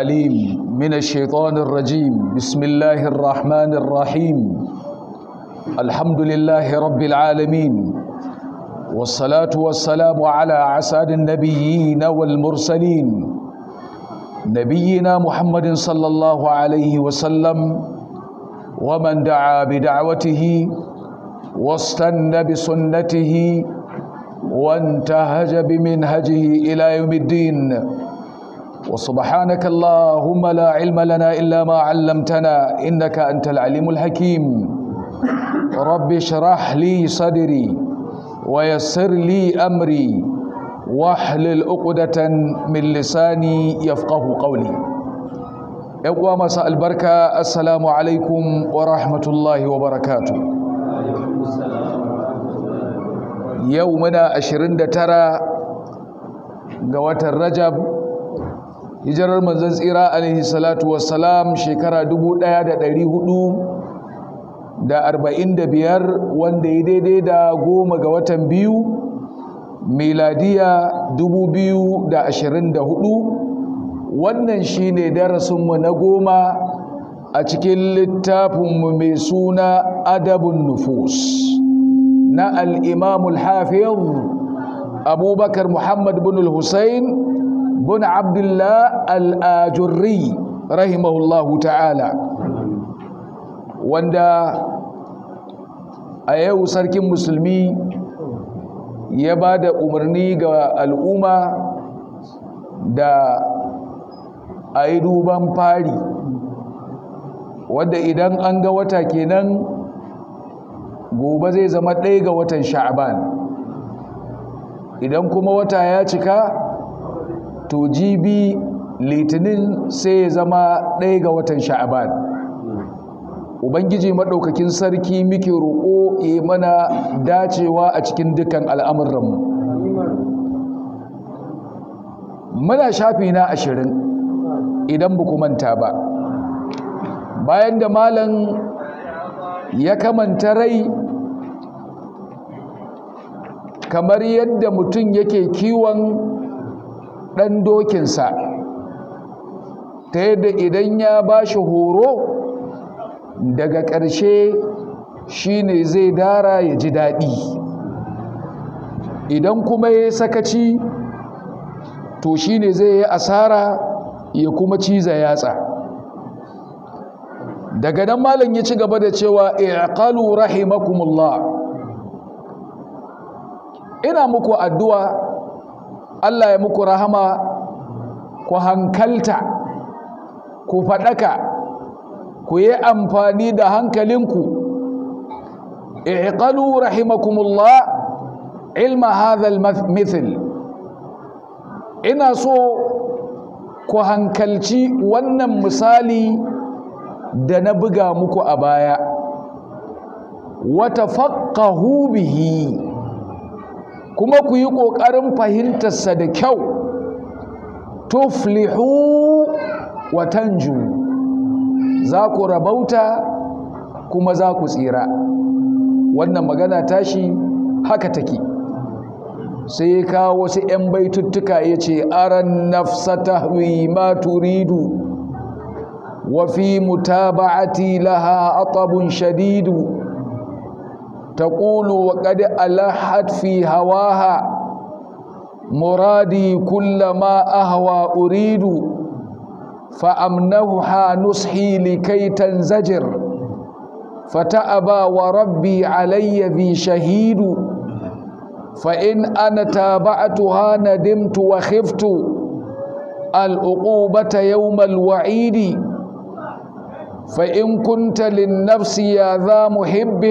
الأليم من الشيطان الرجيم بسم الله الرحمن الرحيم الحمد لله رب العالمين والصلاة والسلام على عساد النبيين والمرسلين نبينا محمد صلى الله عليه وسلم ومن دعا بدعوته واستنى بسنته وانتهج بمنهجه إلى يوم الدين وسبحانك اللهم لا علم لنا إلا ما علمتنا إنك أنت العليم الحكيم رب اشرح لي صدري ويسر لي أمري واحلل عقدة من لساني يفقه قولي يقوى مساء البركة السلام عليكم ورحمة الله وبركاته يومنا 29 ga watan Rajab hijirar manzon tsira alaihi salatu wassalam shekara 1445 wanda ya daidai da goma ga watan biyu miladiya 2024 wannan shi shine darasinmu na goma a cikin littafinmu mai suna adabun nufus na al'imamul hafiyar abubakar muhammad bin hussein bin Abdullahi AlAjurri rahimahullahu ta'ala wanda a yau sarkin musulmi ya ba da umarni ga al'umma da a yi duban fari wanda idan an ga wata kenan gobe zai zama ɗaya ga watan sha'aban idan kuma wata ya cika to jibi litinin sai ya zama ɗaya ga watan sha'aban ubangiji maɗaukakin sarki muke roƙo ya mana dacewa a cikin dukkan al'amuranmu muna shafi na ashirin idan bu manta ba bayan da malam ya kamanta rai kamar yadda mutum yake kiwon ɗan dokinsa ta yadda idan ya ba shi horo daga ƙarshe shi ne zai dara ya ji daɗi idan kuma ya sakaci to shi ne zai yi asara ya kuma ciza yatsa daga nan malam ya ci gaba da cewa i'qalu rahimakumullah ina muku addu'a Allah ya muku rahama ku hankalta ku faɗaka ku yi amfani da hankalinku i'qalu rahimakumullah ilma hadha al ina so ku hankalci wannan misali da na buga muku a baya wata faƙahu bihi kuma ku yi ƙoƙarin fahimtarsa da kyau tuflihu wa tanju za ku rabauta kuma za ku tsira wannan magana tashi haka take sai ya kawo wasu 'yan baituttuka ya ce aran nafsa ma turidu wa fi mutaba'ati laha atabun shadidu تقول وقد ألحت في هواها مرادي كل ما أهوى أريد فأمنوها نصحي لكي تنزجر فتأبى وربي علي ذي شهيد فإن أنا تابعتها ندمت وخفت العقوبة يوم الوعيد فإن كنت للنفس يا ذا محب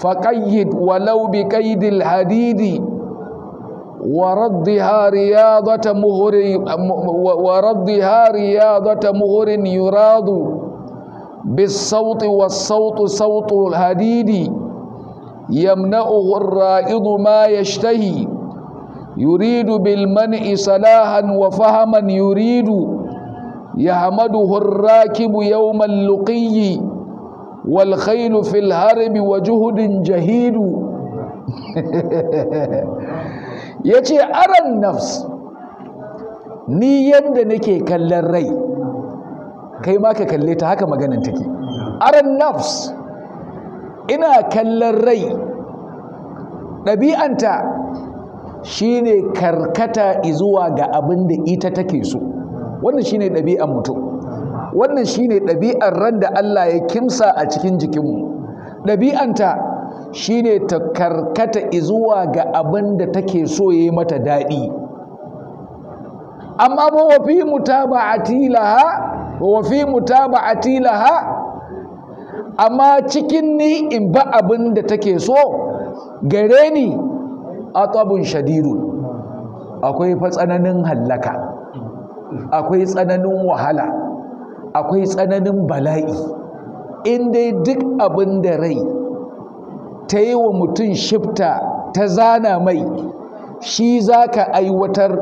فقيد ولو بكيد الحديد وردها رياضة مهر وردها رياضة مهر يراد بالصوت والصوت صوت الحديد يمنعه الرائض ما يشتهي يريد بالمنع صلاحا وفهما يريد يحمده الراكب يوم اللقي wal khailu fil harbi wa jahidu yace Aron nafs ni yadda nake kallon rai kai ma ka kalle ta haka maganan take aran nafs ina kallon rai Dabi'anta shine karkata izuwa ga abin da ita take so wannan shine ɗabi'an mutum wannan shine ɗabi'ar ran da Allah ya kimsa a cikin jikinmu ɗabi'anta shine ta karkata izuwa ga abin da take so ya yi mata daɗi amma ba wa fi mutaba'ati laha wa fi mutaba'ati laha amma cikin ni in ba abin da take so gare ni atabun shadirun akwai fa tsananin hallaka akwai tsananin wahala akwai tsananin bala'i in dai duk abin da rai ta yi wa mutum shifta ta zana mai shi za ka aiwatar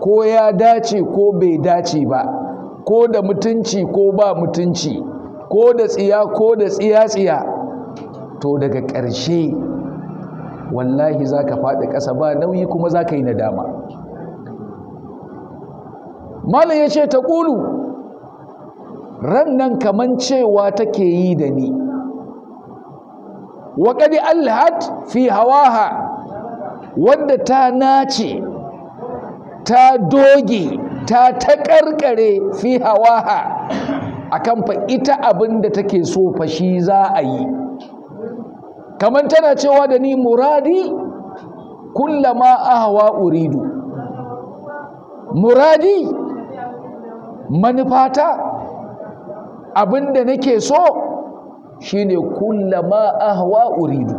ko ya dace ko bai dace ba ko da mutunci ko ba mutunci ko da tsiya ko da tsiya-tsiya to daga ƙarshe wallahi za ka faɗi ƙasa ba nauyi kuma za ka yi nadama malam ya ce ta ƙulu ran nan kaman cewa take yi da ni wa qadi alhat fi hawaha wanda ta nace ta doge ta taƙarƙare fi hawaha akan fa ita abinda take so fa shi za a yi Kaman tana cewa da ni muradi kullama ahwa uridu muradi manufata abinda nake so shine kullama ahwa uridu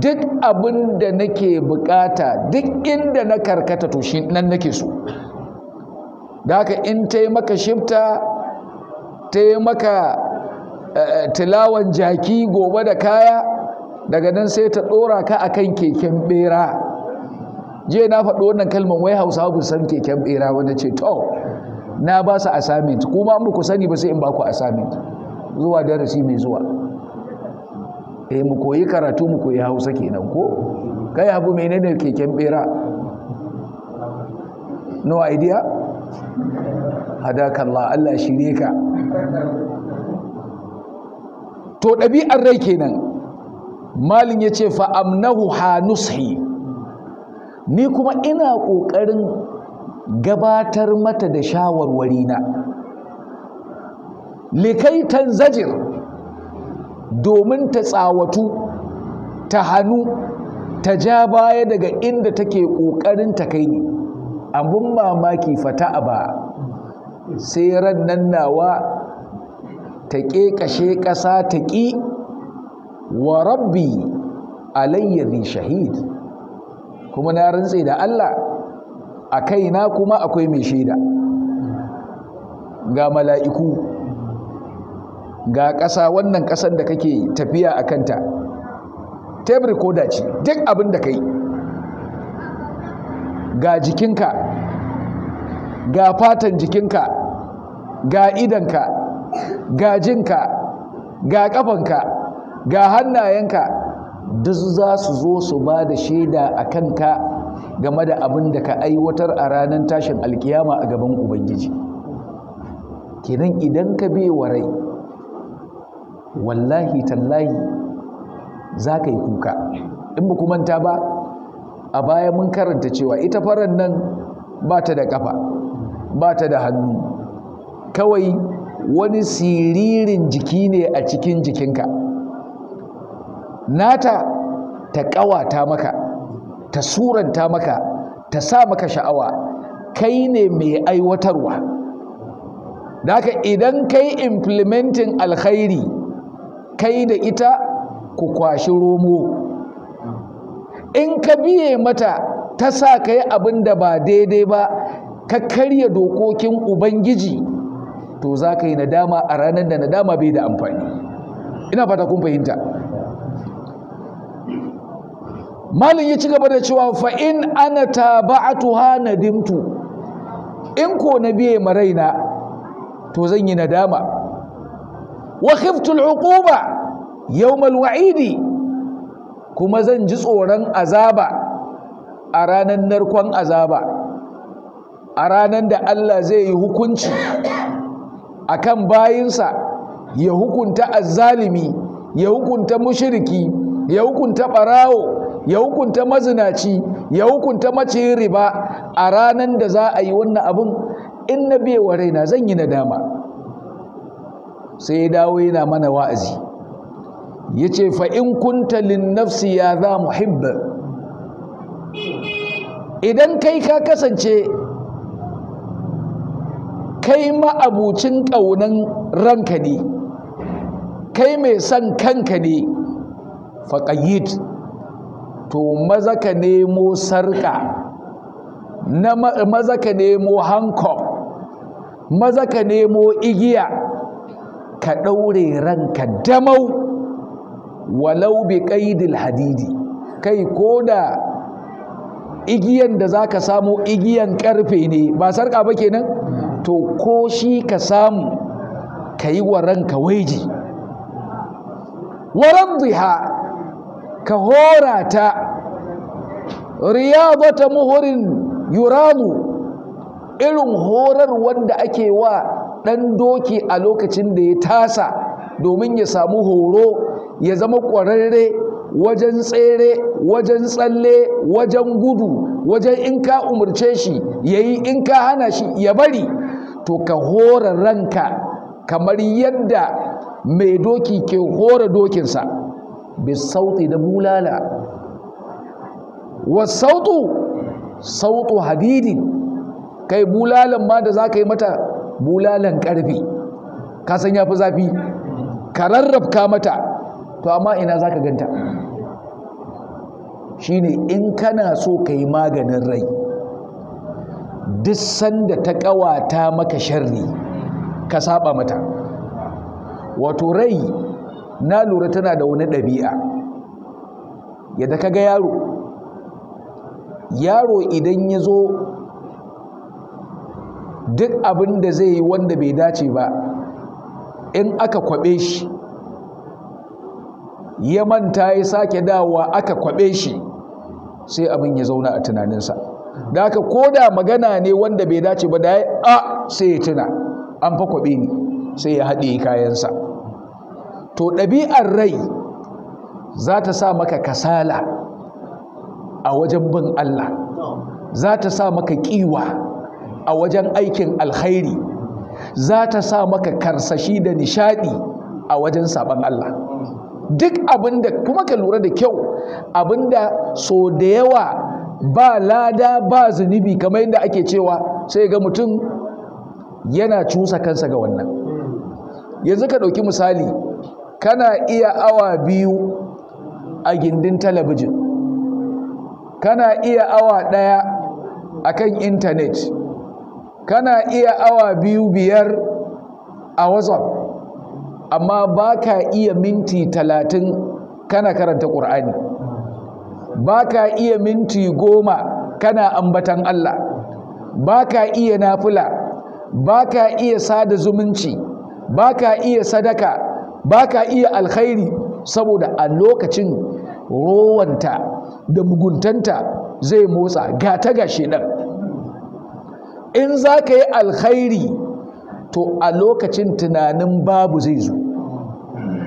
duk abin nake bukata duk inda na karkata to shi nan nake so da haka in taimaka maka shifta tai maka eh, tilawan jaki gobe da kaya daga nan sai ta ɗora ka akan keken bera je na faɗi wannan kalmar wai Hausa bu san keken bera wanda ce to na ba su assignment kuma an ba sani ba sai in ba ku assignment zuwa darasi mai zuwa eh mu koyi karatu mu koyi hausa kenan ko kai abu menene keken bera no idea hadaka Allah shirye ka to ɗabi'ar rai kenan malin ya ce fa'amnahu ha nushi ni kuma ina ƙoƙarin gabatar mata da shawarwari na likai zajir domin ta tsawatu ta hannu ta ja baya daga inda take ƙoƙarin ta kai ni abin mamaki fata ba sai ran nan nawa ta kashe ƙasa ta ƙi wa rabbi alayya shahid kuma na rantse da Allah a kaina kuma akwai mai shaida ga mala'iku ga ƙasa wannan ƙasan da kake tafiya a kanta tebri ko dace duk abin da ka yi ga jikinka ga fatan jikinka ga idanka ga jinka ga ƙafanka ga hannayenka duk za su zo su ba da shaida a kanka game da abin da ka aiwatar a ranar tashin alkiyama a gaban ubangiji kenan idan ka wa rai wallahi tallahi za ka yi kuka in ba manta ba a baya mun karanta cewa ita faran nan ba ta da kafa ba ta da hannu kawai wani siririn jiki ne a cikin jikinka nata ta ƙawata maka ta suranta maka ta sa maka sha'awa kai ne mai aiwatarwa daga idan kai implementin alkhairi kai da ita ku kwashi romo in ka biye mata ta sa ka yi abin da ba daidai ba ka karya dokokin ubangiji to za ka yi nadama a ranar da nadama bai da amfani ina fata kun fahimta malin ya ci gaba da cewa fa in ana taba'atuha dimtu. in ko na biye maraina to zan yi nadama wa khiftu al'uquba yawm alwa'idi kuma zan ji tsoron azaba a ranan narkon azaba a ranan da Allah zai yi hukunci akan bayinsa ya hukunta azzalimi ya hukunta mushriki ya hukunta barawo ya hukunta mazinaci ya hukunta mace riba a ranan da za a yi wannan abun? in na wa raina zan yi nadama sai ya dawo yana mana wa'azi ya ce fa'in kunta linnafsi ya za muhibba idan kai ka kasance kai ma'abucin ƙaunan ranka ne kai mai son kanka ne faƙayyid to maza ka nemo sarka na maza ka nemo hanko maza ka nemo igiya ka ɗaure ranka damau walau bi ƙaidil hadidi kai ko da igiyan da za ka samu igiyan ƙarfe ne ba sarƙa ba kenan to ko shi ka samu ka yi wa ranka waiji waran ziha ka hora ta riyadata muhurin yuramu irin horar wanda ake wa ɗan doki a lokacin da ya tasa domin ya samu horo ya zama ƙwararre wajen tsere wajen tsalle wajen gudu wajen in ka umarce shi ya yi in ka hana shi ya bari to ka hora ranka kamar yadda mai doki ke hora dokinsa bisauti da bulala wasautu sautu hadidi kai bulalan ma da za ka yi mata bulalan ƙarfi ka san ya fi zafi ka rarrafka mata to amma ina za ka ganta shine in kana so ka yi maganin rai duk sanda ta ƙawata maka sharri ka saba mata wato rai na lura tana da wani ɗabi'a yadda ka ga yaro yaro idan ya zo duk abin da zai yi wanda bai dace ba in aka kwaɓe shi ya manta ya sake dawa aka kwaɓe shi sai abin ya zauna a tunaninsa da aka koda magana ne wanda bai dace ba da ya a sai ya tuna an fa kwaɓe ni sai ya haɗe kayansa to ɗabi'ar rai za ta sa maka kasala a wajen bin Allah za ta sa maka ƙiwa a wajen aikin alkhairi za ta sa maka karsashi da nishaɗi a wajen saban Allah duk abinda kuma ka lura da kyau abinda so da yawa ba lada ba zunubi kamar yadda ake cewa sai ga mutum yana cusa kansa ga wannan yanzu ka ɗauki misali kana iya awa biyu a gindin talabijin kana iya awa ɗaya a kan intanet kana iya awa biyu biyar a whatsapp amma ba ka iya minti talatin kana karanta ƙur'ani ba ka iya minti goma kana ambatan Allah ba ka iya nafula ba ka iya sada zumunci ba ka iya sadaka ba ka iya alkhairi saboda a lokacin rowanta da muguntanta zai motsa ga ta ga shedan in za ka yi alkhairi to a lokacin tunanin babu zai zo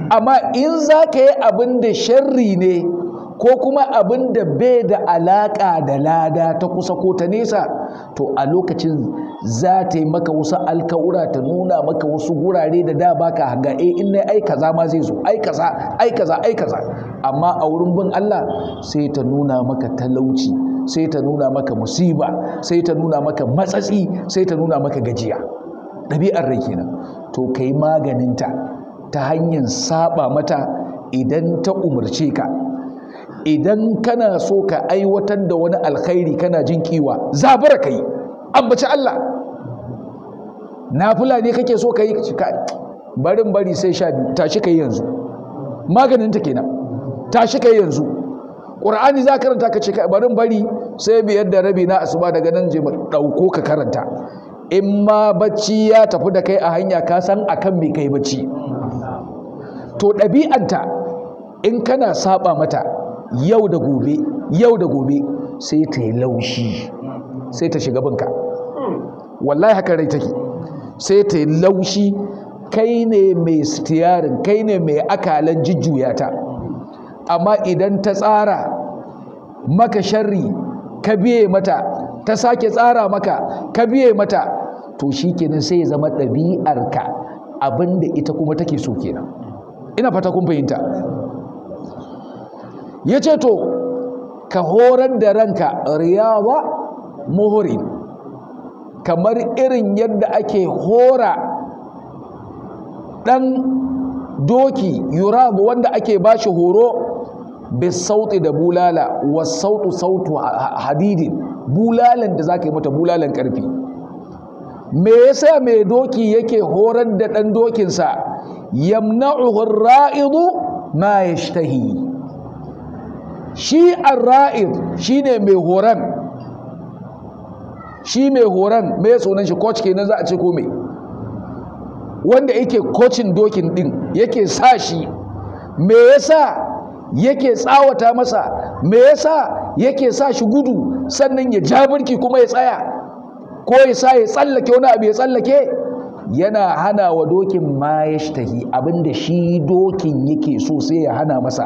amma in za ka yi abin da sharri ne ko kuma abin da bai da alaƙa da lada ta kusa ko ta nesa to a lokacin za ta yi maka wasu alkawura ta nuna maka wasu gurare da da baka hanga e eh, in na aika za ma zai zo ai kaza ai kaza ai kaza amma a wurin bin Allah sai ta nuna maka talauci sai ta nuna maka musiba sai ta nuna maka matsatsi sai ta nuna maka gajiya ɗabi'ar rai kenan to kai maganinta ta hanyar saba mata idan ta umarce ka idan kana so ka aiwatar da wani alkhairi kana jin kiwa zabara kai ambaci Allah Na fula ne kake so ka yi kai barin bari sai sha biyu tashi kai yanzu maganin ta kenan tashi kai yanzu qur'ani za karanta ka ce barin bari sai biyar da rabi na asuba daga nan je dauko ka karanta in ma bacci ya tafi da kai a hanya ka san akan me kai bacci to ɗabi'anta in kana saba mata yau da gobe yau da gobe sai ta yi laushi sai ta shiga binka wallahi haka rai take sai ta yi laushi kai ne mai sitiyarin kai ne mai akalan jujjuyata amma idan ta tsara maka sharri ka biye mata ta sake tsara maka ka biye mata to shi kenan sai ya zama ɗabi'arka abinda ita kuma take so kenan ina fata kun fahimta ya ce to ka horar da ranka riyawa muhuri kamar irin yadda ake hora ɗan doki yurabu wanda ake bashi shi horo sauti da bulala wa sautu sautu hadidin bulalan da zaka yi mata bulalan karfi me yasa mai doki yake horar da ɗan dokinsa yamna'uhu ar-ra'idu ma yashtahi shi arra'id shi ne mai horon shi mai horon mai sunan shi coach kenan za a ce ko wanda yake kocin dokin din yake sa shi me yasa yake tsawata masa me yasa yake sa shi gudu sannan ya ja birki kuma ya tsaya ko ya sa ya tsallake wani abu ya tsallake yana hana wa dokin ma ya shi abinda shi dokin yake so sai ya hana masa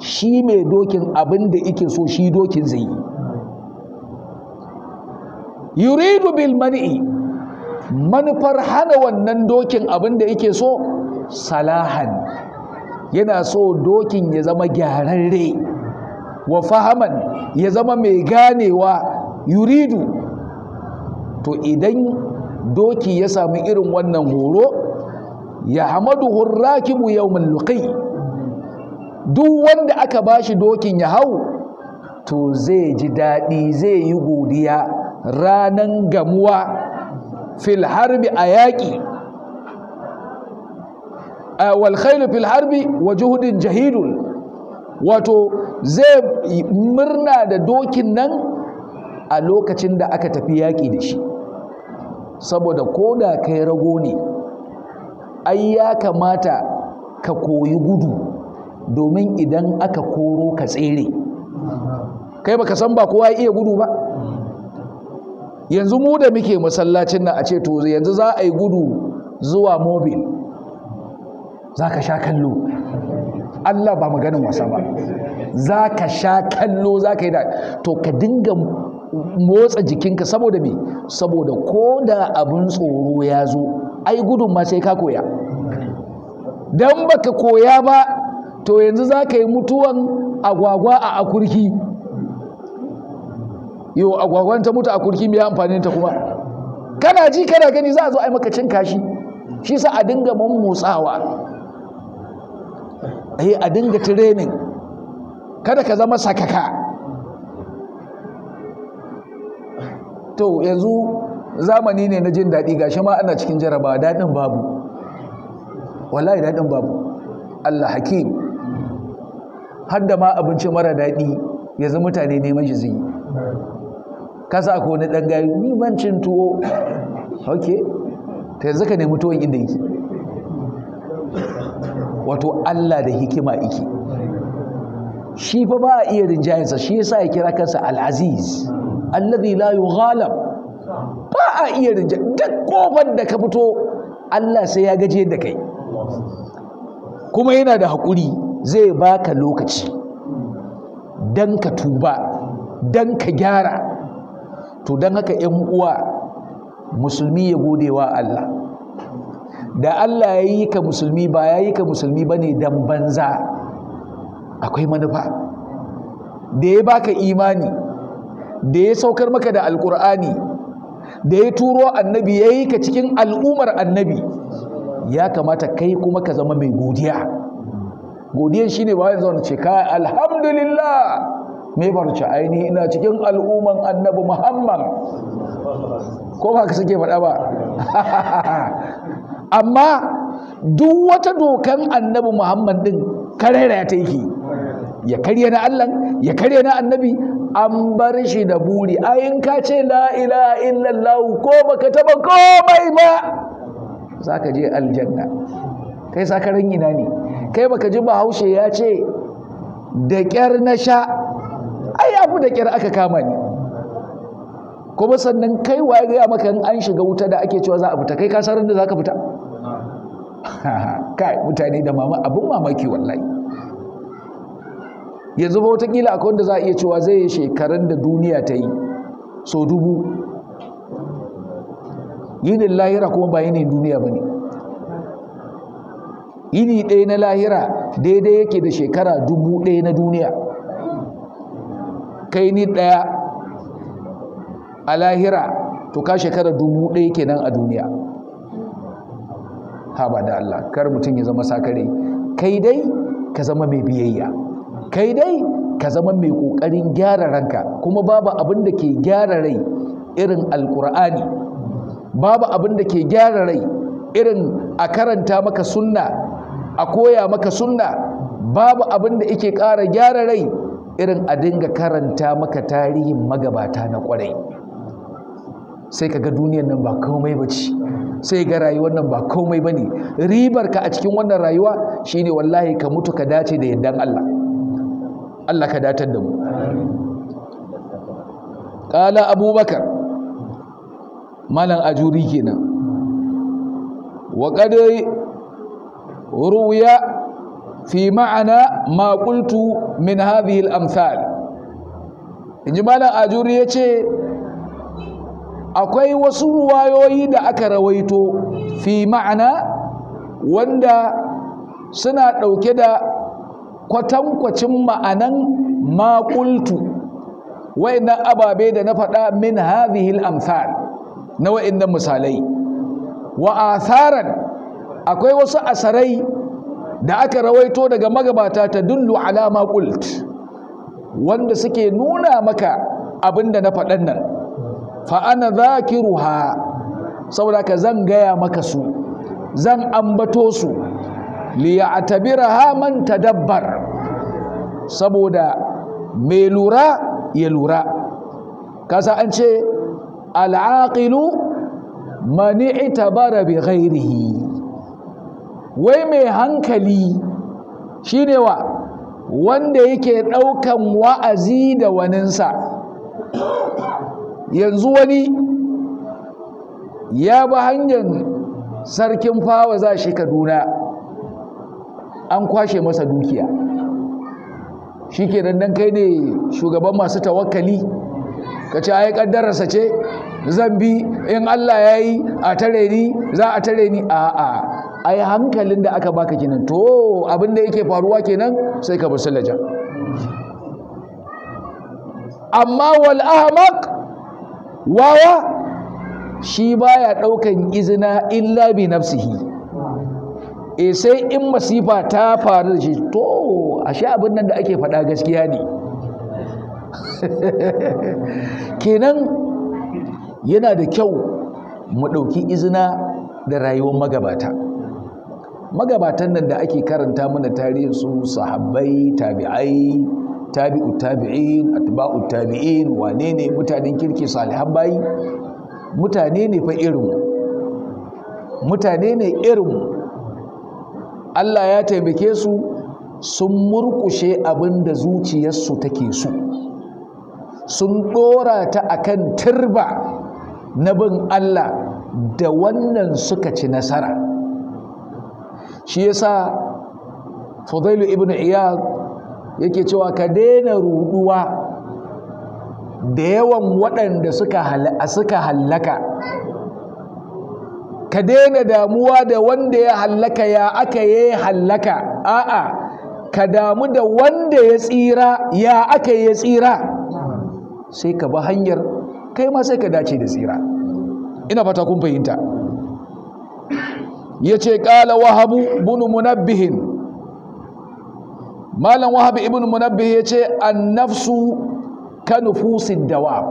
shi mai dokin abin da yake so shi dokin zai yuridu bil mani'i manufar hana wannan dokin abin da yake so salahan yana so dokin ya zama gyararre wa fahaman ya zama mai ganewa yuridu to idan doki ya sami irin wannan horo ya hamadu hurrakibu ya mallukai duk wanda aka ba shi dokin ya hau to zai ji daɗi zai yi godiya ranan gamuwa fil harbi a yaƙi wal khailu fil harbi wa juhudin jahidun wato zai murna da dokin nan a lokacin da aka tafi yaƙi da shi saboda ko da kai rago ne ai ya kamata ka koyi gudu domin idan aka koro ka tsere kai baka san ba kowa ya iya gudu ba yanzu mu da muke masallacin nan a ce to yanzu za a yi gudu zuwa mobil za ka sha kallo Allah ba maganin wasa ba za ka sha kallo za ka yi da to ka dinga motsa jikinka saboda me saboda ko da abin tsoro ya zo ai gudun ma sai ka koya Dan baka koya ba to yanzu za ka yi mutuwan agwagwa a akurki yau agwagwan ta mutu a kurki mai amfani ta kuma kana ji kana gani za a zo a yi maka cin kashi shi sa a dinga mummotsawa motsawa eh, a dinga tirenin. kada ka zama sakaka to yanzu zamani ne na jin daɗi shi ma ana cikin jarabawa daɗin babu wallahi daɗin babu Allah hakim har da ma abinci mara daɗi yanzu mutane neman shi zai kasa ko na ɗan gayu ni ban cin tuwo ok ta yanzu ka nemi tuwon inda yake wato Allah da hikima yake shi fa ba a iya rinjayensa shi yasa ya kira kansa al-aziz alladhi la ghalam ba a iya rinjayensa duk kofar da ka fito Allah sai ya gaje da kai kuma yana da haƙuri zai baka lokaci don ka tuba don ka gyara to don haka ‘yan uwa musulmi ya gode wa Allah da Allah ya yi ka musulmi ba ya yi ka musulmi ba ne don banza akwai manufa da ya baka imani da ya saukar maka da alkur'ani da ya turo annabi ya yi ka cikin al'umar annabi ya kamata kai kuma ka zama mai godiya godiyar shine ne bayan zaune ce kai alhamdulillah me barci ainihi ina cikin al'umman annabi muhammad ko ba ka suke faɗa ba amma duk wata dokan annabi muhammad din karera ta yake ya karya na allah ya karya na annabi an bar shi da buri ayin ka ce Laila illallah ko baka taba komai ba ka je aljanna kai sakaran ina ne kai baka ji bahaushe ya ce da ƙyar na sha ai abu da ƙyar aka kama ni kuma sannan kai waye gaya maka in an shiga wuta da ake cewa za a fita kai ka san da za fita kai mutane da mama abin mamaki wallahi yanzu ba watakila akwai wanda za a iya cewa zai yi shekarun da duniya ta yi so dubu yinin lahira kuma ba ne duniya ba ne yini ɗaya na lahira daidai yake da shekara dubu ɗaya na duniya kai ni ɗaya a lahira to ka shekara dubu ɗaya kenan a duniya ha da Allah kar mutum ya zama sakare kai dai ka zama mai biyayya kai dai ka zama mai ƙoƙarin gyara ranka kuma babu abin da ke gyara rai irin alƙur'ani babu abin da ke gyara rai irin a karanta maka sunna a koya maka sunna babu abin da yake ƙara gyara rai irin a dinga karanta maka tarihin magabata na ƙwarai sai ka ga duniyar nan ba komai ba ce sai ga rayuwar nan ba komai ba ne ribar ka a cikin wannan rayuwa shine wallahi ka mutu ka dace da yardan Allah Allah ka datar da mu ƙala abubakar malam ajuri kenan wa ƙadai Ruya في معنى ما قلت من هذه الأمثال in ji ajuri ya ce akwai wasu wayoyi da aka rawaito fi ma'ana wanda suna ɗauke da kwatankwacin ma'anan maƙultu wa'innan ababe da na faɗa min hazihil amsal na wa'innan misalai wa asaran akwai wasu asarai da aka rawaito daga magabata ta dullu alama kult wanda suke nuna maka abinda na faɗan nan fa ana ruha saboda ka zan gaya maka su zan ambato su liya'tabiraha man dabbar saboda mai lura ya lura kasa an ce al'aqilu mani itabara bi ghairihi wai mai hankali shine wa wanda yake ɗaukan wa'azi da waninsa yanzu wani ya ba hanyar sarkin fawa za shi kaduna an kwashe masa dukiya shi ke dandan kai ne shugaban masu tawakkali ka ce yi kaddararsa ce zan bi in allah ya yi a tare ni za a tare ni a'a ai hankalin da aka baka kenan to abin yake faruwa kenan sai ka basalaja amma wal ahmaq wawa shi baya daukan izina illa bi nafsihi e sai in masifa ta faru da shi to ashe abin nan da ake faɗa gaskiya ne kenan yana da kyau mu ɗauki izina da rayuwar magabata magabatan nan da ake karanta mana tarihin su sahabbai tabi'ai tabi'u tabi'in atba'u tabi'in wane ne mutanen kirki salihan bayi mutane ne fa irin mutane ne irin Allah ya taimake su sun murkushe abinda da zuciyarsu take su. sun dora ta akan turba na bin Allah da wannan suka ci nasara shi yasa fadailu ibn iyad yake cewa ka daina ruduwa da yawan waɗanda suka hallaka ka daina damuwa da wanda ya hallaka ya aka ya hallaka a'a ka damu da wanda ya tsira ya aka ya tsira sai ka ba hanyar kai ma sai ka dace da tsira ina fata kun fahimta yace ƙala wahabu bunu munabbihin malam wahab ibn munabbih yace an-nafsu ka da wa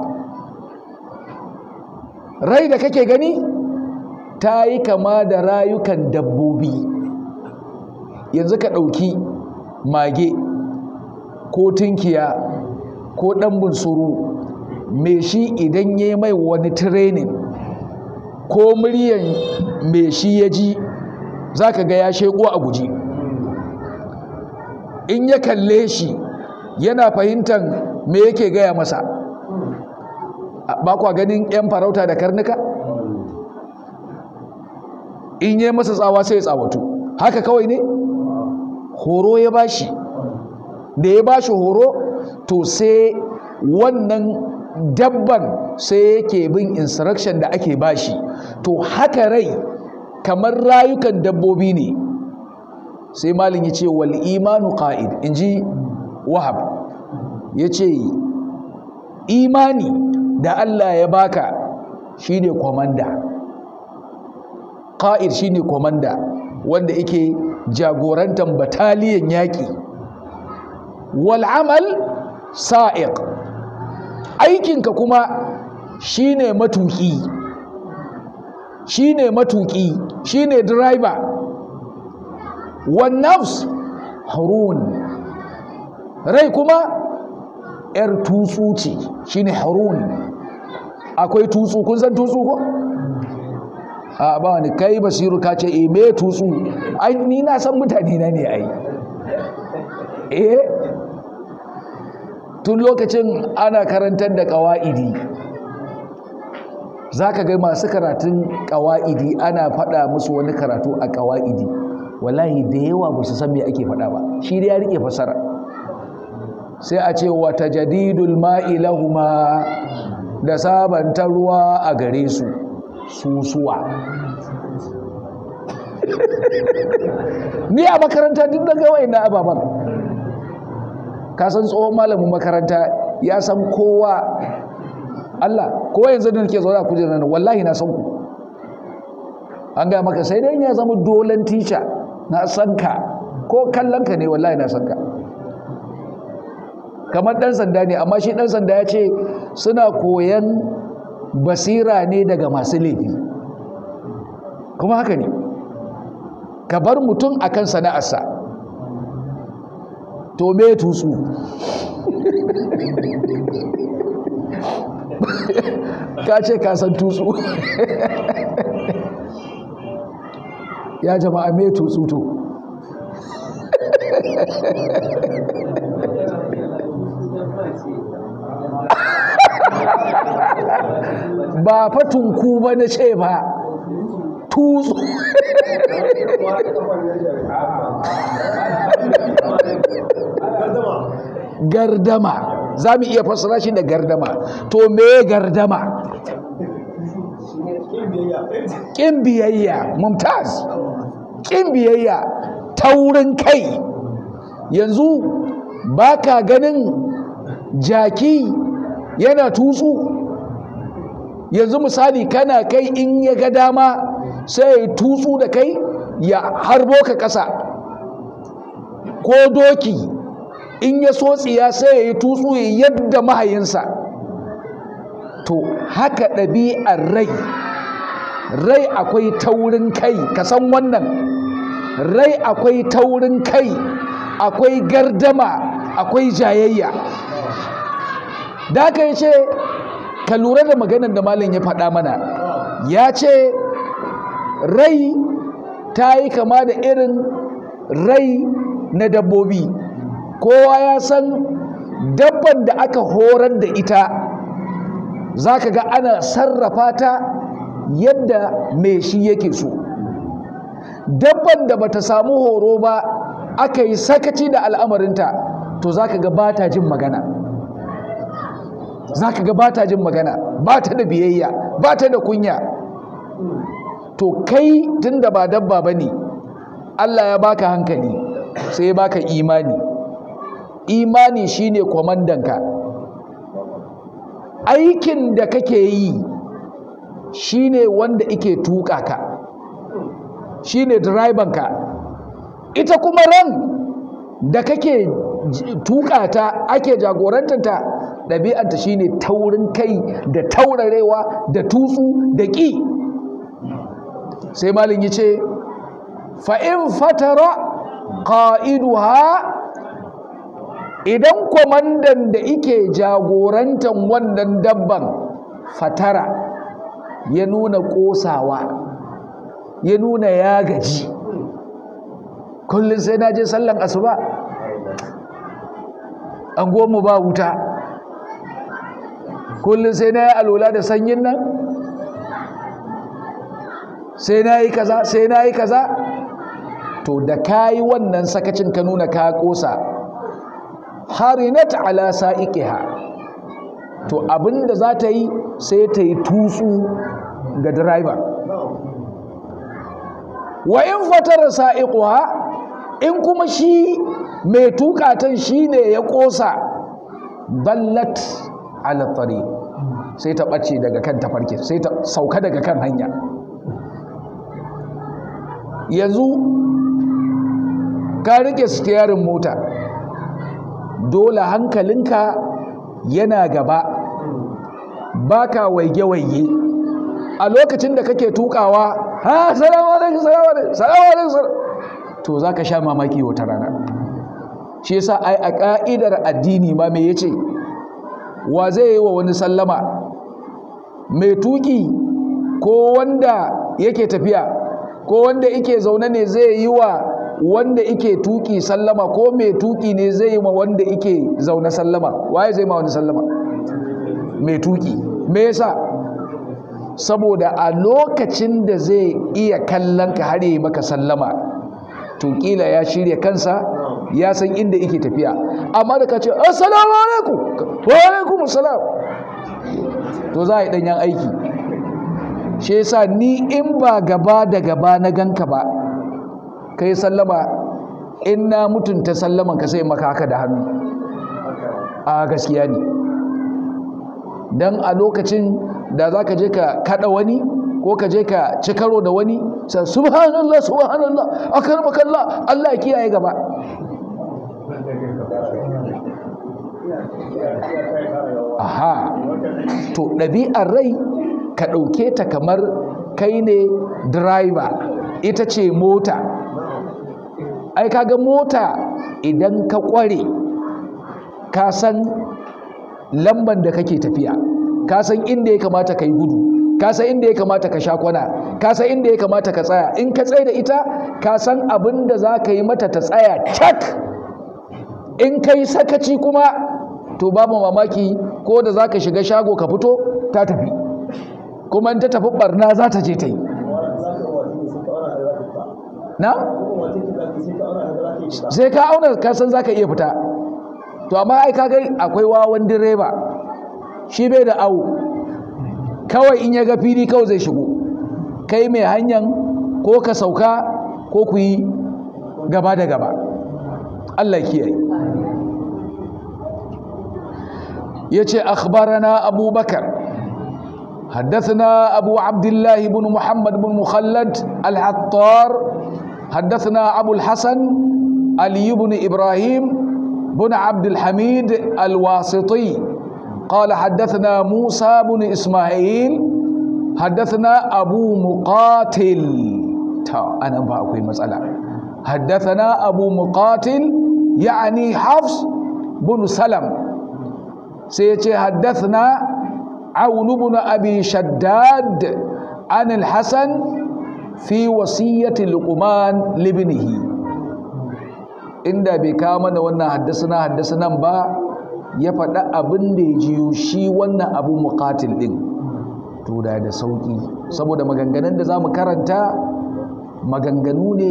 rai da kake gani ta yi kama da rayukan dabbobi yanzu ka ɗauki mage ko tunkiya ko ɗan bunsuru me shi idan ya mai wani tirenin ko muryan mai shi ya ji za ka ga ya sheko a guji in ya kalle shi yana fahimtar me yake gaya masa ba ganin 'yan farauta da karnuka in yi masa tsawa sai ya tsawatu haka kawai ne horo ya bashi da ya bashi horo to sai wannan dabban sai yake bin instruction da ake bashi to haka rai kamar rayukan dabbobi ne sai malin ya ce wal imanu qa'id in wahab ya ce imani da Allah ya baka shine komanda qa'id shine komanda wanda yake jagorantar bataliyan yaki. wal amal sa'iq aikinka kuma shine matuki shine matuki shine driver wan nafs harun rai kuma yar tutsu ce shine harun akwai tutsu kun san tutsu ko a ba wani kai basiru ka ce ime eh, me tutsu ai ni na san mutane na ne ai eh tun lokacin ana karantar da kawa'idi, za ka ga masu karatun kawa'idi ana faɗa musu wani karatu a kawa'idi. wallahi da yawa ba su san me ake faɗa ba shi da ya riƙe fasara sai a ce wata jadidul ma'ilahuma da sabanta ruwa a gare su susuwa ni a makaranta duk daga wayan na ababan. ka san tsohon malamin makaranta ya san kowa Allah kowa yanzu da nake zaune a kujerar nan wallahi na san ku an ga maka sai dai ya zama dolan tisha na san ka ko kallon ka ne wallahi na san ka kamar ɗan sanda ne amma shi ɗan sanda ya ce suna koyan basira ne daga masu laifi kuma haka ne ka bar mutum akan sana'arsa to me tusu ka ce ka san tutsu ya jama'a me su to ba fatun ku ba na ce ba tutsu gardama za mu iya fasara shi da gardama to me gardama ƙin biyayya mumtaz ƙin biyayya taurin kai yanzu ba ka ganin jaki yana tutsu yanzu misali kana kai in ya ga dama sai ya tutsu da kai ya harbo ka ƙasa ko doki in ya so tsiya sai ya yi tutsu yadda mahayinsa to haka ɗabi'ar rai rai akwai taurin kai ka san wannan rai akwai taurin kai akwai gardama akwai jayayya da aka ce ka lura da maganar da malin ya faɗa mana ya ce rai ta yi kama da irin rai na dabbobi kowa ya san dabban da aka horar da ita za ka ga ana sarrafa ta yadda mai shi yake so dabban da bata samu horo ba aka yi sakaci da al'amarinta to za ka ga ba ta jin magana za ka ga ba ta jin magana ba ta da biyayya ba ta da kunya to kai tun da ba dabba ba ne allah ya baka hankali sai ya baka imani imani shine ka. aikin da kake yi shine wanda ike tuka ka shine ka ita kuma ran da kake tuka ake jagorantanta ɗabi'anta shine taurin kai da taurarewa da tutsu da ƙi sai malin yi ce fa'in fatara ƙa'iduha idan kwamandan da ike jagorantar wannan dabban fatara ya nuna ƙosawa ya nuna ya gaji kullum sai na je sallan asuba an goma ba wuta kullum sai na yi alola da sanyin nan sai na yi kaza sai na yi kaza to da ka yi wannan sakacin ka nuna ka ƙosa harinat ala sa'iqiha to abinda za ta yi sai ta yi tutsu ga driver wa in fatar sa'iqwa in kuma shi mai tukatan shine ya kosa ballat ala tariq sai ta bace daga kan tafarki sai ta sauka daga kan hanya yanzu ka rike steering mota dole hankalinka yana gaba Ba ka waige-waige a lokacin da kake tukawa ha salamu alaikum salamu alaikum salamu alaikum to sha mamaki wata rana shi yasa ai a ka'idar addini ma me yace wa zai yi wa wani sallama mai tuki ko wanda yake tafiya ko wanda yake zaune ne zai yi wa wanda ike tuki sallama ko mai tuki ne zai ma wanda ike zaune sallama waye zai ma wani sallama mai tuki me yasa saboda a lokacin da zai iya kallon ka har yi maka sallama to kila ya shirya kansa ya san inda ike tafiya amma da ka ce assalamu alaikum wa alaikum assalam to za a yi danyen aiki shi yasa ni in ba gaba da gaba na ganka ba Kai sallama in na mutunta sallaman ka sai maka haka da hannu a gaskiya ne Dan a lokacin da za ka je ka kada wani ko ka je ka ci karo da wani sai subhanallah subhanallah akarbakallah Allah ya kiyaye gaba aha to ɗabi'ar rai ka ɗauke ta kamar kai ne driver ita ce mota ai kaga mota idan ka kware ka san lamban da kake tafiya ka san inda ya kamata ka yi gudu ka san inda ya kamata ka sha kwana ka san inda ya kamata ka tsaya in ka tsaye da ita ka san abin da za ka yi mata ta tsaya cak in ka yi sakaci kuma to babu mamaki ko da za ka shiga shago ka fito ta tafi kuma in ta tafi barna za ta je ta yi na? sai ka auna kasan za ka iya fita to amma ai ka gai akwai wawan direba shi bai da awu. kawai in ya ga fili kawai zai shigo kai mai hanyar ko ka sauka ko ku yi gaba da gaba Allah kiyaye ya ce akhbarana abubakar حدثنا أبو عبد الله بن محمد بن مخلد العطار حدثنا أبو الحسن علي بن إبراهيم بن عبد الحميد الواسطي قال حدثنا موسى بن إسماعيل حدثنا أبو مقاتل أنا بقول مسألة حدثنا أبو مقاتل يعني حفص بن سلم سيتي حدثنا عون بن أبي شداد عن الحسن fi wasiyyati luqman libnihi inda bai kawo mana wannan haddasa haddasa nan ba ya faɗa abin da ya jiyo shi wannan abu muqatil din to da da sauki saboda maganganun da zamu karanta maganganu ne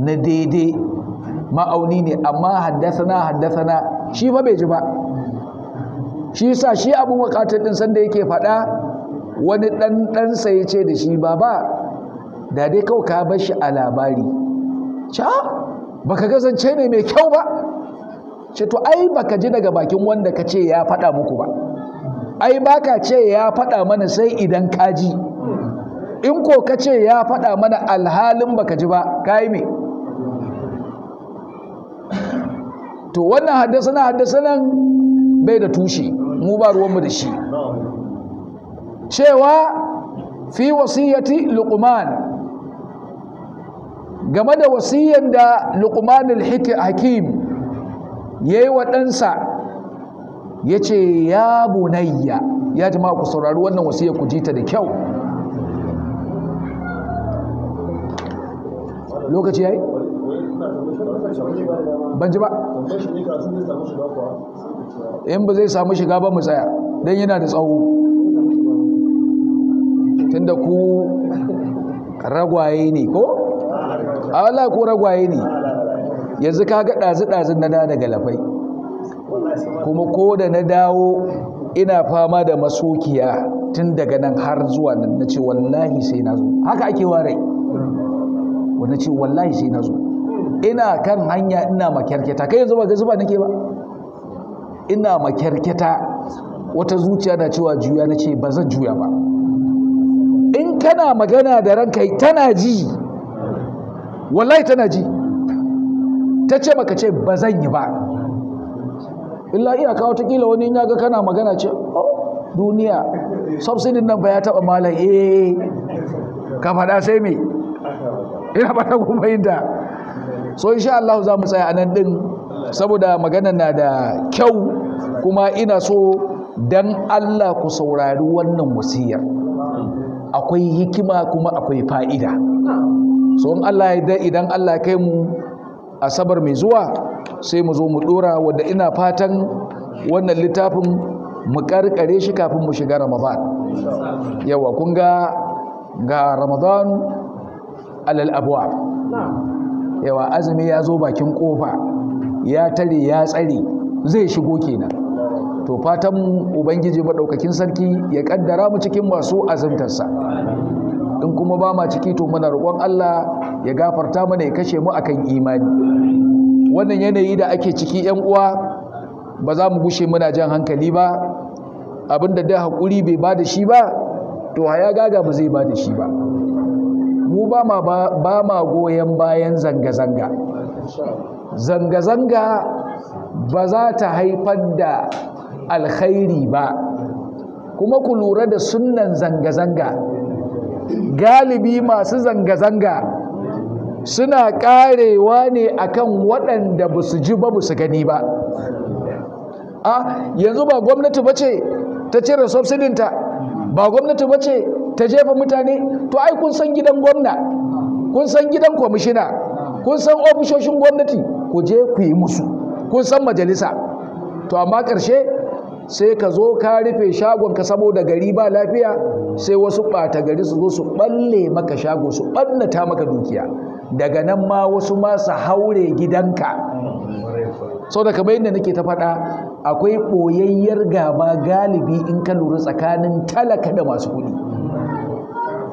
na daidai ma'auni ne amma haddasa haddasa shi ba bai ji ba shi sa shi abu muqatil din sanda yake faɗa wani ɗan ɗansa ya ce da shi baba da dai kawai ka bar shi a labari ca ah, baka ga ce ne mai kyau ba ce to ai baka ji daga bakin wanda ka ce ya faɗa muku ba ai baka ce ya faɗa mana sai idan ka ji in ko ka ce ya faɗa mana alhalin baka ji ba ka yi me to wannan haddasa haddasanan bai da tushe mu ba ruwanmu da shi cewa fi wasiyyati luqman game da wasiyan da luqmanul hakim yayi wa ɗansa yace ya bunayya ya jama'a ku saurari wannan wasiyar ku jita da kyau lokaci yayi ban ji ba in ba zai samu shiga ba mu tsaya don yana da tsawo tunda ku ragwaye ne ko a wala ko ragwaye ne yanzu ka ga ɗazu-ɗazun na da daga lafai kuma ko da na dawo ina fama da masokiya tun daga nan har zuwa nan na ce wallahi sai na zo haka ake ware wanda ce wallahi sai na zo ina kan hanya ina makyarketa kai yanzu ba ga zuba nake ba ina makyarketa wata zuciya na cewa juya na ce ba zan juya ba in kana magana da ranka tana ji wallahi tana ji ta ce maka ce ba zan yi ba illa iyaka watakila wani kila ya ga kana magana ce oh, duniya subsidin nan ba ya taba malam eh ka faɗa sai me ina ba ta kuma inda so insha Allah za mu tsaya a nan ɗin saboda magana na da kyau kuma ina so dan Allah ku saurari wannan wasiyar akwai hikima kuma akwai fa'ida so in Allah ya da idan Allah kai mu asabar mai zuwa sai mu zo mu dora wanda ina fatan wannan littafin mu karkare shi kafin mu shiga Ramadan yawa kun ga ga Ramadan alal abwa yawa azumi ya zo bakin kofa ya tare ya tsare zai shigo kenan to fatan ubangiji madaukakin sarki ya kaddara mu cikin masu azumtarsa in kuma ba ma ciki to muna roƙon Allah ya gafarta mana ya kashe mu akan imani wannan yanayi da ake ciki yan uwa ba za mu gushe muna jan hankali ba abinda da hakuri bai ba da shi ba to haya gaga ba zai ba da shi ba mu ba ma ba ma goyen bayan zanga-zanga zanga-zanga ba za ta haifar da alkhairi ba kuma ku lura da sunnan zanga-zanga galibi masu zanga-zanga suna karewa ne akan waɗanda ba su ji ba ba su gani ba a yanzu ba gwamnati ba ce ta cire subsidinta ba gwamnati ba ce ta jefa mutane to ai kun san gidan gwamna kun san gidan kwamishina kun san ofishoshin gwamnati ku je ku yi musu kun san majalisa to amma ƙarshe sai ka zo ka rufe shagonka saboda gari ba lafiya sai wasu ɓata gari su zo su ɓalle maka shago su ɓannata maka dukiya daga nan ma wasu masu haure gidanka sau da kamar yadda nake ta faɗa akwai ɓoyayyar gaba galibi in ka lura tsakanin talaka da masu kuɗi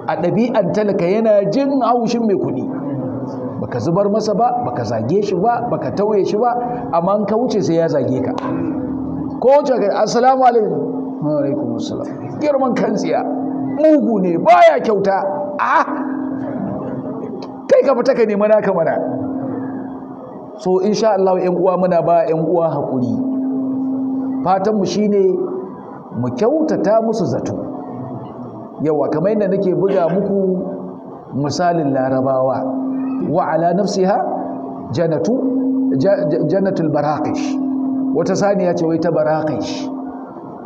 a ɗabi'an talaka yana jin haushin mai kuɗi baka zubar masa ba baka zage shi ba baka tauye shi ba amma ka wuce sai ya zage ka ko jagar assalamu alaikum wa alaikum assalam girman kan mugu ne baya kyauta a kai ka fita ka nemi mana so insha Allah 'yan uwa muna ba 'yan uwa hakuri fatan mu shine mu kyautata musu zato yawa kamar yadda nake buga muku misalin larabawa wa ala nafsiha janatu janatul baraqish wata saniya ce wai ta baraƙish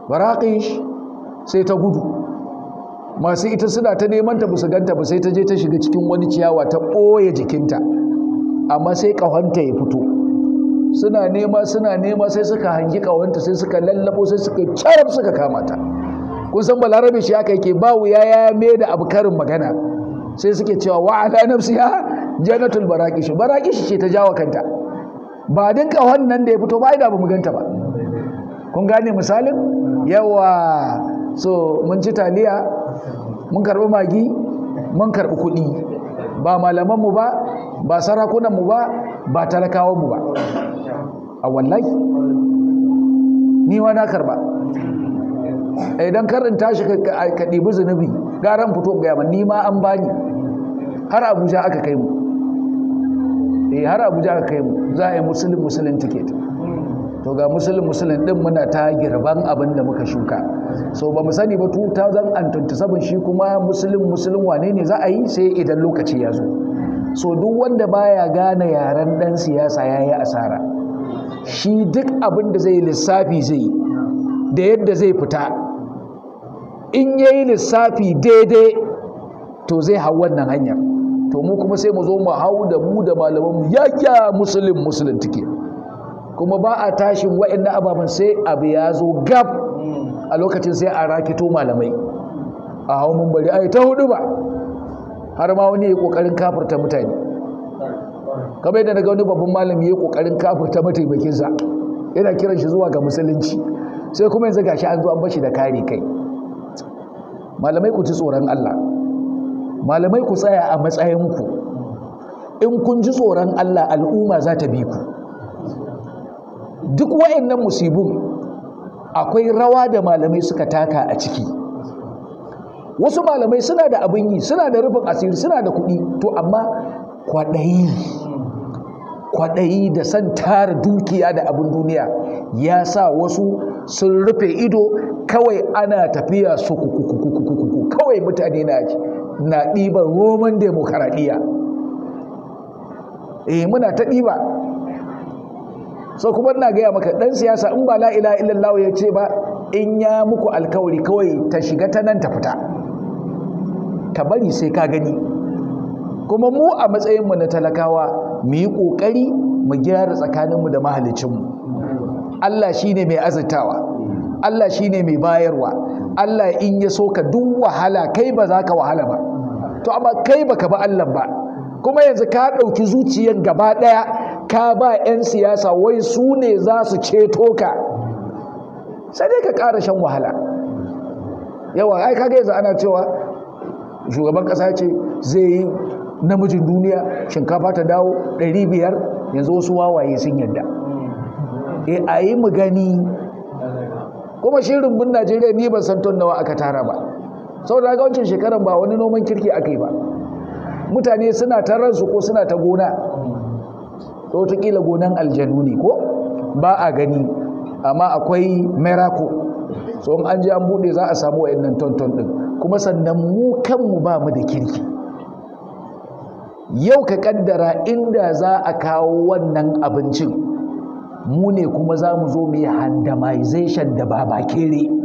baraƙish sai ta gudu masu ita suna ta neman ta su ganta ba sai ta je ta shiga cikin wani ciyawa ta ɓoye jikinta amma sai ƙahonta ya fito suna nema suna nema sai suka hangi ƙahonta sai suka lallabo sai suka carab suka kama kun san balarabe shi aka yake ba wuya ya me da abu karin magana sai suke cewa wa'ala nafsiha janatul baraƙish baraƙish ce ta jawa kanta ba din ƙahon nan da ya fito ba ai da ba ganta ba kun gane misalin yawa so mun ci taliya mun karɓi magi mun karɓi kuɗi ba malamanmu ba ba sarakunanmu ba ba mu ba a wallahi ni ma na karɓa idan eh, karin tashi ka ɗibi zunubi garan fito gaya ma ni ma an bani har abuja aka kai mu eh har abuja ka kai mu za a yi musulun musulun ticket to ga musulun musulun din muna ta girban abin da muka shuka so ba mu sani ba 2027 shi kuma musulun musulun wane ne za a yi sai idan lokaci ya zo so duk wanda baya gane yaren dan siyasa ya yi asara shi duk abin da zai lissafi zai da yadda zai fita in ya yi lissafi daidai to zai hau wannan hanyar to mu kuma sai mu zo mu hau da mu da malaman mu yaƙya musulun musulun take kuma ba a tashin wa'annan ababen sai abu ya zo gab a lokacin sai a rakito malamai a hau mun bari ai ta hudu ba har ma wani ya kokarin kafirta mutane kamar yadda daga wani babban malami ya kokarin kafirta mataimakinsa yana kiran shi zuwa ga musulunci sai kuma yanzu gashi an zo an bashi da kare kai malamai ku ci tsoron Allah malamai ku tsaya a matsayinku in kun ji tsoron Allah al'umma za ta bi ku duk wa'annan musibin akwai rawa da malamai suka taka a ciki wasu malamai suna da abin yi suna da rufin asiri suna da kuɗi to amma kwaɗayi kwaɗayi da san tara dukiya da abin duniya ya sa wasu sun rufe ido kawai ana tafiya su kuku kawai mutane na ji na ɗiban roman demokaradiyya eh muna ta ɗiba so kuma na gaya maka ɗan siyasa in ba la'ila illallah ya ce ba in ya muku alkawari kawai ta shiga ta nan ta fita ta bari sai ka gani kuma mu a matsayinmu na talakawa mu yi ƙoƙari mu gyara tsakaninmu da mahalicinmu Allah shi ne mai azurtawa Allah shi ne mai bayarwa Allah in ya so ka duk wahala kai ba za ka wahala ba to amma kai baka ba Allah ba kuma yanzu ka ɗauki zuciyar gaba ɗaya ka ba 'yan siyasa wai su ne za su ceto ka sai dai ka ƙara shan wahala yawa ai kaga yanzu ana cewa shugaban ƙasa ce zai yi namijin duniya shinkafa ta dawo 500 yanzu wasu wawaye sun yadda e eh, a mu gani kuma shirin bin najeriya ni ban san ton nawa aka tara ba saboda ga wancan shekaran ba wani noman kirki aka yi ba mutane suna ta ransu ko suna ta gona to kila gonan aljanu ne ko ba a gani amma akwai merako so an je an buɗe za a samu wa'annan tonton ɗin kuma sannan mu kanmu ba mu da kirki yau ka kaddara inda za a kawo wannan abincin mu ne kuma za mu zo mu yi handamization da kere.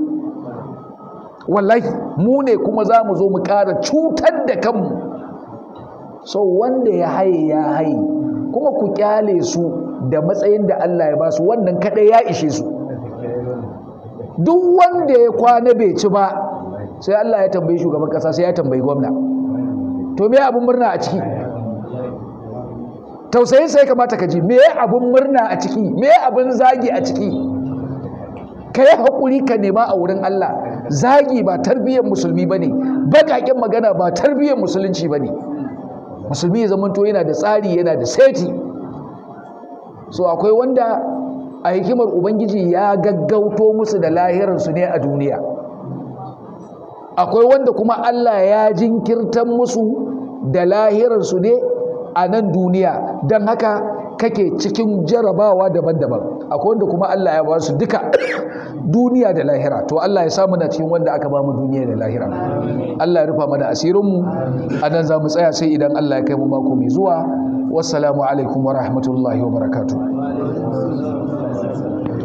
wallahi mu ne kuma za mu zo mu ƙara cutar da kanmu so wanda ya haye ya haye kuma ku kyale su da matsayin da Allah ya basu su wannan kaɗai ya ishe su duk wanda ya kwana bai ci ba sai Allah ya tambayi shugaban ƙasa sai ya tambayi gwamna to me abin murna a ciki tausayin sai kamata ka ji me abin murna a ciki me abin zagi a ciki ka yi haƙuri ka nema a wurin Allah zagi ba tarbiyyar musulmi ba ne baƙaƙen magana ba tarbiyyar musulunci ba ne musulmi ya zamanto yana da tsari yana da seti so akwai wanda a hikimar ubangiji ya gaggauto musu da lahirarsu ne a duniya akwai wanda kuma allah ya jinkirtan musu da lahirarsu ne a nan duniya don haka kake cikin jarabawa daban-daban akwai wanda kuma Allah ya ba su duka duniya da lahira to Allah ya samu na cikin wanda aka ba mu duniya da lahira Allah ya rufa mana asirinmu a nan za mu tsaya sai idan Allah ya kai mu mako mai zuwa wassalamu alaikum wa rahmatullahi wa barakatuh